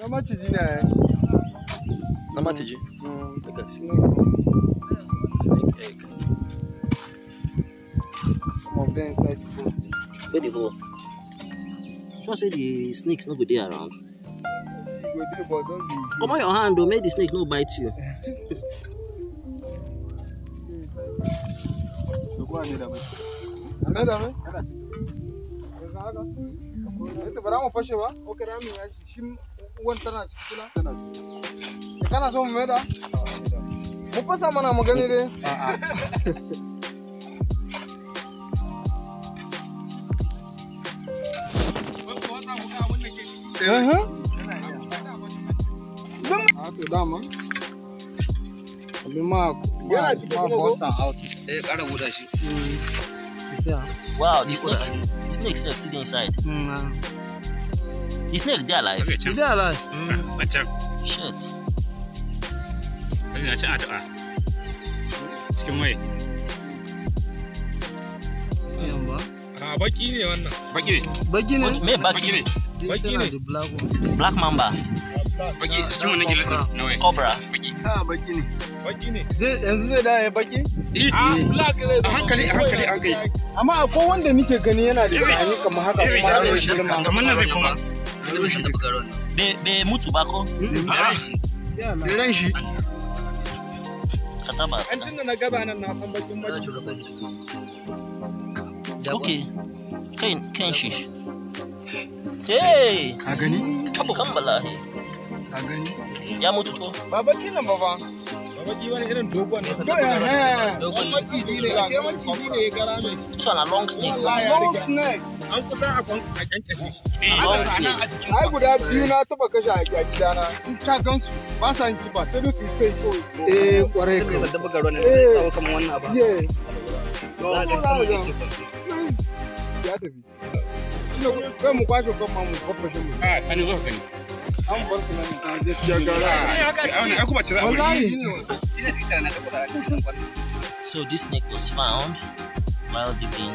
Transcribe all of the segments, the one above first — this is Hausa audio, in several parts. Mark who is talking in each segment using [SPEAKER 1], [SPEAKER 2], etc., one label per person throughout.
[SPEAKER 1] na maciji na ya na maciji daga snake egg some of them inside the hole where the hole Just say the snakes not go there around Come on, dey but don't your hand o make the snake no bite you Another one? Another one? Another one? Another one? Another one? Another one? Another one? Wantanas, sila? Wantanas. Ikan asam merah. Mupa Você nama gani deh. Uh-huh. Aku dah mah. Você ma ma bota out. Eh kada guda shi. Você Isa. Wow, this snake snake still inside. Mm. He's not there alive. Okay, He's there alive. Wancan. Mm. Shit. Ina cin addu'a. Cikin mai. Siapa? Ah, A baki ne wannan. Baki ni. Baki ne? Me baki ni. Baki ni. Black mamba. Baki cikin wannan gilan nawa. Cobra. Baki. Ha baki ni. baki ni. yanzu zai da ya baki eh. ah, a hankali Ah, hankali an kai amma akwai wanda nike gani yana da ni kamar haka kuma har da girma kamar nan zai kuma ilimin mutu ba ko da ran shi ka taba an tunda na gaba nan na san bakin mace okay kai kan shi hey ka gani tabo kan balahi ka gani ya mutu ko ba bakin nan ba ba Babaji wani irin dogon ne sannan dogon ne. Maciji ne, ke maciji ne ya gara mai. Suna long snake. Long snake. an kusa a kyankashe shi ai guda biyu na taba kashe a gidana in ka gansu ba sa yin kiba sai dai su yi kawai eh kwarai kai garo ne wannan eh. za ya tafi ina kai mu kwashe kan mu ah, sani zo ka an bar su nan gara kuma so this snake was found while digging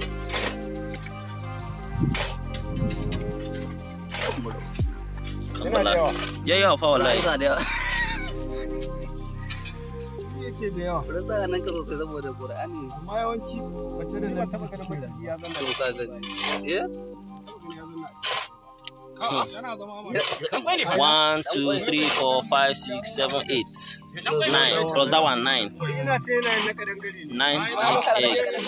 [SPEAKER 1] والله يا يا فا والله yake One, two, three, four, five, six, seven, eight, nine. Plus that one, nine. Nine snake eggs.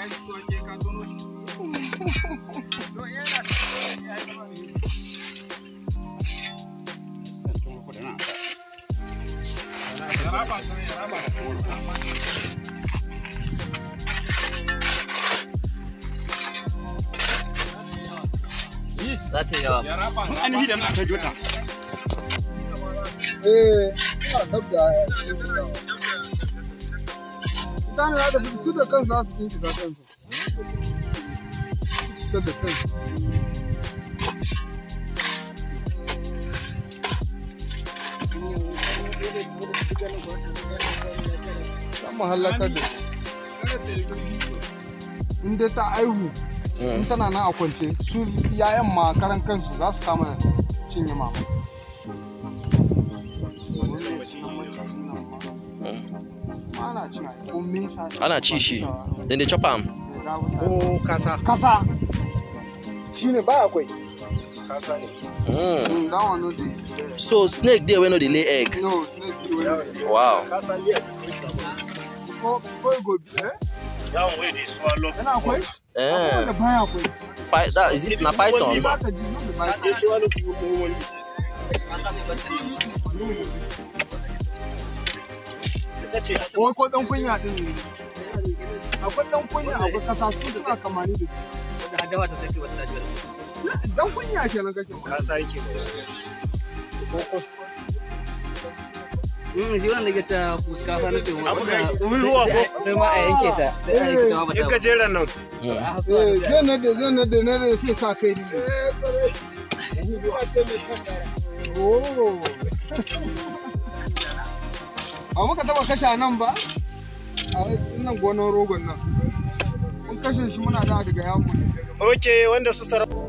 [SPEAKER 1] za ta yawa an yi da na ta jota eh mutane za ta fi su da kansu za ta da ta aihu in tana nan a kwance su yayan ma karan kansu za su kama cinye mama. ana ci shi then they chop am ko oh, kasa kasa shine ba akwai kasa ne mm. mm that so snake dey wey no dey lay egg no snake dey wey no dey wow kasa dey ko ko go be eh that one wey dey swallow na akwai eh, eh. pi that is it na python na dey swallow people for one ce ko dan kunya din ne akwai dan kunya su suna da hadawa ta take wata dan kunya ke nan kake ka sai ke Mm, shi wanda ke ta kasa na ce wanda ruwa ko sai ma a yanke ta sai a yanke ta ba ta. nan. zan eh, eh, na da zan na da na da sai sa kai ni. Eh, oh. a muka taba kashe a nan ba a wannan gonar rogon nan mun kashe shi muna da daga yawon ok wanda su sarrafa